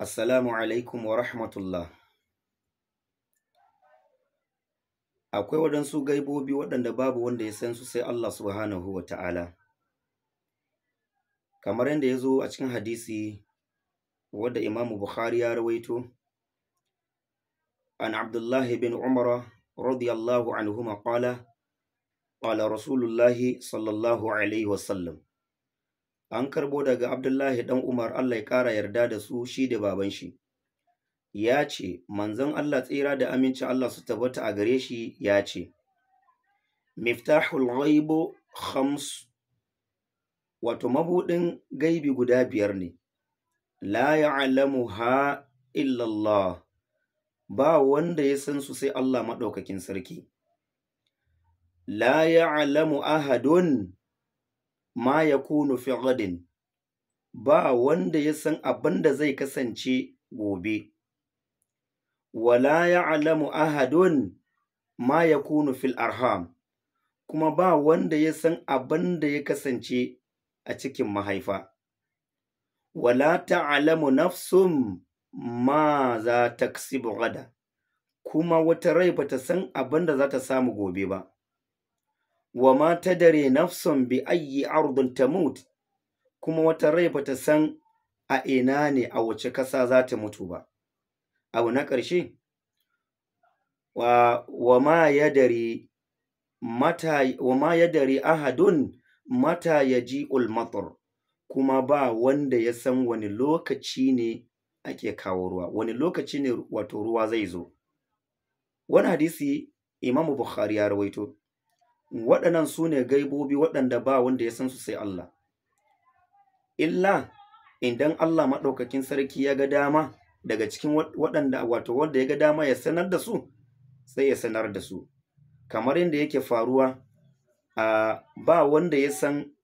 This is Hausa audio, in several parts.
Assalamu alaikum wa rahmatullah. Akwai waɗansu gaibobi waɗanda babu wanda ya san su sai Allah subhanahu wa ta'ala. Kamar yadda ya zo a cikin hadisi wadda Imam Bukhari ya rawaito, an Abdullahi bin Umar radiyallahu anhu maƙala, ƙala Rasulullahi sallallahu Alaihi wasallam. an karbo daga Abdullahi ɗan Umar Allah ya ƙara yarda da su shi da baban shi. Ya ce, Manzon Allah tsira da aminci Allah su tabbata a gare shi ya ce, Miftahul ghaibu khams wato mabuɗin gaibi guda biyar ne, la ya'lamu ha illallah ba wanda ya san su sai Allah maɗaukakin sarki. La ya'lamu ahadun ma yakunu fi ba wanda ya san abin da zai kasance gobe wala ya'lamu ahadun ma yakunu fil arham kuma ba wanda ya san abin da ya kasance a cikin mahaifa wala ta'lamu nafsum ma za ta gada kuma wata rai ba ta san abin da za ta samu gobe ba wa ma dare nafsun bi ayyi ardun tamut kuma wata rai ba ta san a ina ne a wace kasa za ta mutu ba abu na ƙarshe wa, ma ya mata ahadun mata yaji'ul kuma ba wanda ya san wani lokaci ne ake kawo ruwa wani lokaci ne wato ruwa zai zo wani hadisi imamu bukhari ya rawaito waɗannan su ne gaibobi waɗanda ba wanda ya san su sai Allah illa idan Allah maɗaukakin sarki ya ga dama daga cikin waɗanda wato wanda ya ga dama ya sanar da su sai ya sanar da su kamar yadda yake faruwa a ba wanda ya san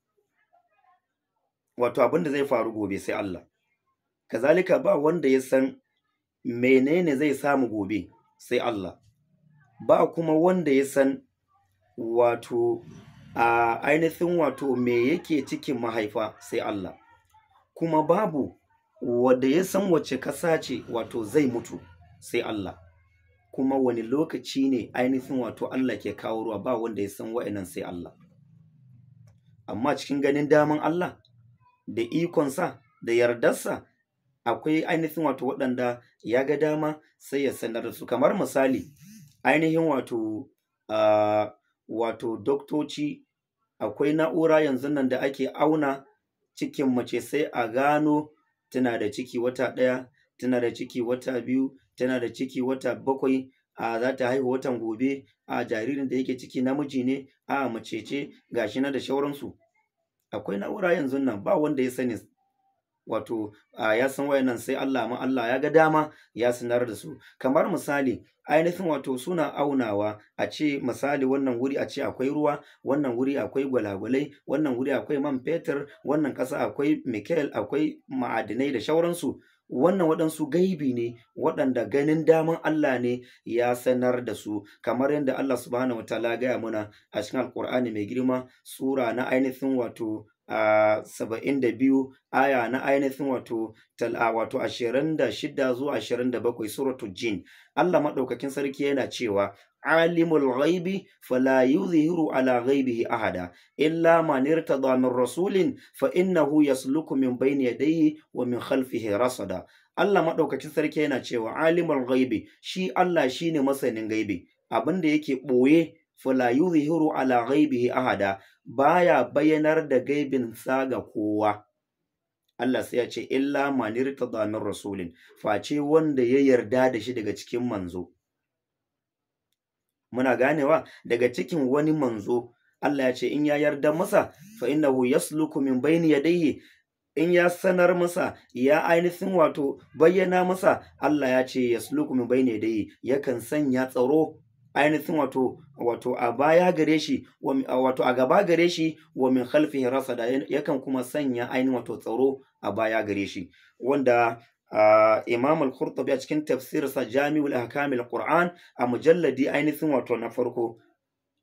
wato abin da zai faru gobe sai Allah kazalika ba wanda ya san menene zai samu gobe sai Allah ba kuma wanda ya san wato a ainihin wato me yake cikin mahaifa sai Allah kuma babu wanda ya san wace ƙasa ce wato zai mutu sai Allah kuma wani lokaci ne ainihin wato Allah ke kawo ruwa ba wanda ya san wa'annan sai Allah amma cikin ganin daman Allah da ikonsa da yardarsa akwai ainihin wato waɗanda ya ga dama sai ya sanar da su kamar misali ainihin wato uh, wato doktoci akwai na'ura yanzu nan da ake auna cikin mace sai a gano tana da ciki wata ɗaya tana da ciki wata biyu tana da ciki wata bakwai a za ta haihu watan gobe a jaririn da yake ciki namiji ne a mace ce gashi na da shauransu akwai na'ura yanzu nan ba wanda ya sani wato ya san wayannan sai Allah ma Allah ya ga dama ya sanar da su kamar misali ainihin wato suna aunawa a ce misali wannan wuri a ce akwai ruwa wannan wuri akwai gwalagwalai wannan wuri akwai man fetur wannan ƙasa akwai mikel akwai ma'adinai da shauransu wannan waɗansu gaibi ne waɗanda ganin daman Allah ne ya sanar da su kamar yadda Allah subhanahu wataala gaya muna a cikin alkur'ani mai girma sura na ainihin wato A saba'in da biyu aya na ainihin wato wato ashirin da shida zuwa ashirin da bakwai suratul jin Allah maɗaukakin sarki yana cewa alimul ghaibi fala yuzhiru ala ghaibihi ahada illa man irtada min rasulin fa innahu yasluku min bayni yadayhi wa min khalfihi rasada Allah maɗaukakin sarki yana cewa alimul ghaibi shi Allah shine masanin gaibi abin da yake ɓoye fala yuzhiru ala ghaibihi ahada baya bayanar da gaibin sa ga kowa Allah sai ya ce illa manir tadamin rasulin face wanda ya yarda da shi daga cikin manzo muna ganewa daga cikin wani manzo Allah ya ce in ya yarda masa fa innahu yasluku min bayni yadayhi in ya sanar masa ya ainihin wato bayyana masa Allah ya ce yasluku min bayni yadayhi yakan sanya tsaro ainihin wato wato a baya gare shi wato a gaba gare shi wa min rasa da yakan kuma sanya ainihin wato tsaro a baya gare shi wanda Uh, Imam Al-Qurtubi a cikin sa Jami'ul Ahkam Al-Qur'an a mujalladi ainihin wato na farko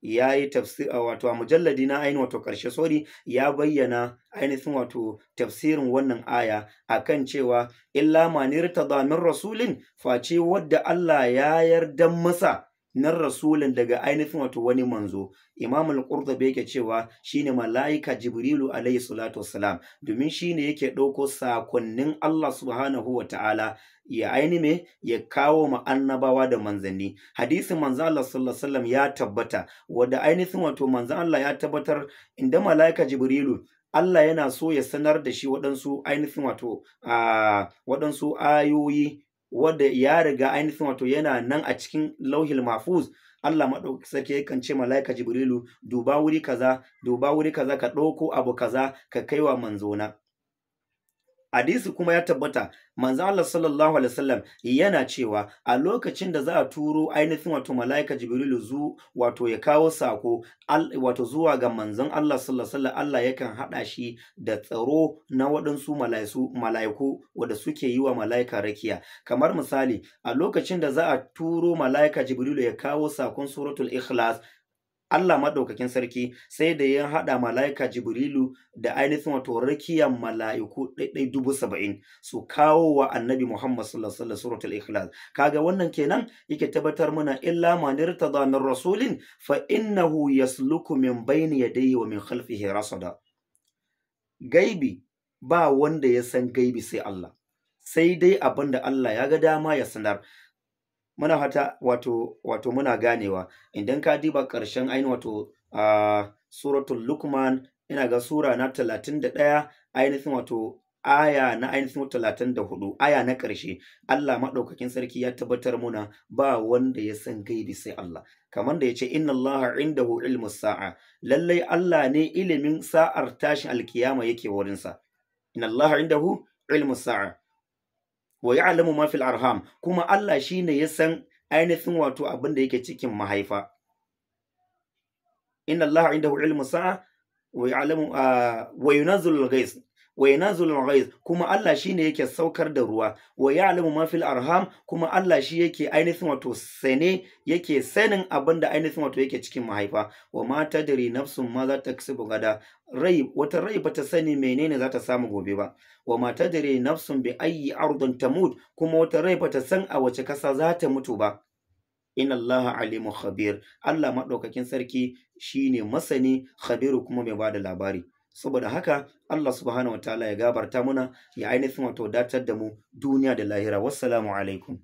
ya yi tafsir wato a mujalladi na ainihin wato karshe sori ya bayyana ainihin wato tafsirin wannan aya akan cewa illa rita tadamin rasulin face wadda Allah ya yarda masa nan rasulin daga ainihin wato wani manzo imam al-qurtubi yake cewa shine malaika jibrilu alayhi salatu wassalam domin shine yake ɗauko sakonnin Allah subhanahu wa ta'ala ya aini ya kawo ma annabawa da manzanni hadisin manzo Allah sallallahu alaihi ya tabbata wanda ainihin wato manzo Allah ya tabbatar inda malaika jibrilu Allah yana so ya sanar da shi waɗansu ainihin wato ah, waɗansu ayoyi wadda ya riga ainihin wato yana nan a cikin lauhil mafuz Allah maɗauki sarki yakan ce mala'ika Jibrilu duba wuri kaza duba wuri kaza ka ɗauko abu kaza ka kaiwa manzona hadisi kuma ya tabbata manzo Allah sallallahu alaihi wasallam yana cewa a lokacin da za a turo ainihin wato malaika jibrilu zu wato ya kawo sako wato zuwa ga manzon Allah sallallahu alaihi Allah yakan haɗa shi da tsaro na waɗansu malaisu malaiku wanda suke yi wa malaika rakiya kamar misali a lokacin da za a turo malaika jibrilu ya kawo sakon suratul ikhlas Allah maɗaukakin sarki sai da ya haɗa mala'ika Jibrilu da ainihin wato rakiyar mala'iku ɗaiɗai dubu saba'in su kawo wa annabi Muhammad sallallahu alaihi suratul ikhlas kaga wannan kenan yake tabbatar mana illa man irtada min rasulin fa innahu yasluku min bayni yadayhi wa min khalfihi rasada gaibi ba wanda ya san gaibi sai Allah sai dai abin Allah ya ga dama ya sanar muna hata wato wato muna ganewa idan ka diba ƙarshen ainihin wato a suratul lukman ina ga sura na talatin da ɗaya ainihin wato aya na ainihin talatin da hudu aya na ƙarshe Allah maɗaukakin sarki ya tabbatar muna ba wanda ya san gaibi sai Allah kamar da ya ce inna Allah hu! ilmu sa'a lallai Allah ne ilimin sa'ar tashin alkiyama yake wurinsa inna Allah hu! ilmu sa'a wa ya'lamu ma fil arham kuma Allah shine ya san ainihin wato abin da yake cikin mahaifa inna Allah indahu ilmu sa'a wa ya'lamu ah, wa yunazzilu al-ghais wa Zulun ghaiz kuma Allah shine yake saukar da ruwa wa ya'lamu ma fil arham kuma Allah shi yake ainihin wato sane yake sanin abin da ainihin wato yake cikin mahaifa wa ma tadri nafsun ma za ta kasu gada rai wata rai ba ta sani menene za ta samu gobe ba wa ma tadri nafsun bi ayyi ardun tamut kuma wata rai ba ta san a wace kasa za ta mutu ba in Allah alimu khabir Allah madaukakin sarki shine masani khabiru kuma mai bada labari saboda haka Allah subhanahu wataala ya gabarta muna ya ainihin wato datar da mu duniya da lahira wassalamu alaikum